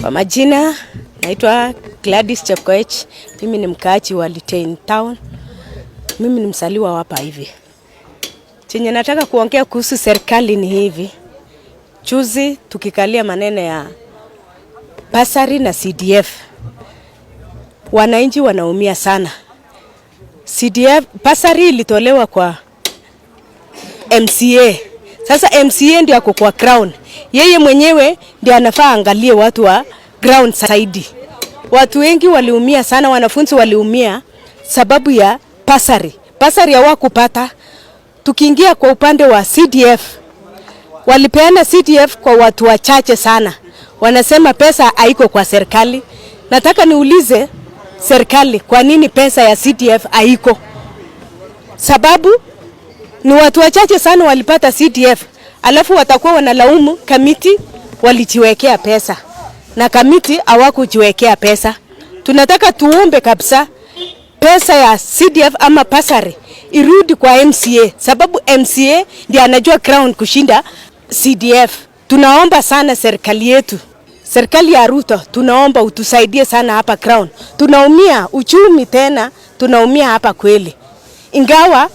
Kwa majina naitwa Gladys Chepkoech, mimi ni mkaaji wa Litein Town, mimi ni msaliwa hapa hivi. Chenye nataka kuongea kuhusu serikali ni hivi, chuzi tukikalia maneno ya pasari na CDF, wananchi wanaumia sana. CDF pasari ilitolewa kwa MCA sasa MCA ndio ako kwa crown, yeye mwenyewe ndio anafaa angalie watu wa ground zaidi. Watu wengi waliumia sana, wanafunzi waliumia sababu ya pasari, pasari hawakupata. Tukiingia kwa upande wa CDF, walipeana CDF kwa watu wachache sana, wanasema pesa haiko kwa serikali. Nataka niulize serikali, kwa nini pesa ya CDF haiko? Sababu ni watu wachache sana walipata CDF, alafu watakuwa wanalaumu kamiti walijiwekea pesa na kamiti hawakujiwekea pesa. Tunataka tuombe kabisa pesa ya CDF ama pasare irudi kwa MCA, sababu MCA ndiye anajua ground kushinda CDF. Tunaomba sana serikali yetu, serikali ya Ruto, tunaomba utusaidie sana hapa ground. Tunaumia uchumi tena, tunaumia hapa kweli, ingawa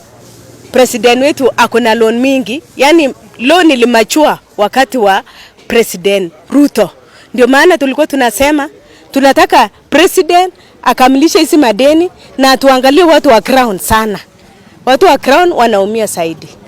president wetu ako na loan mingi, yani loan ilimachua wakati wa president Ruto. Ndio maana tulikuwa tunasema tunataka president akamilishe hizi madeni na tuangalie watu wa crown sana, watu wa crown wanaumia zaidi.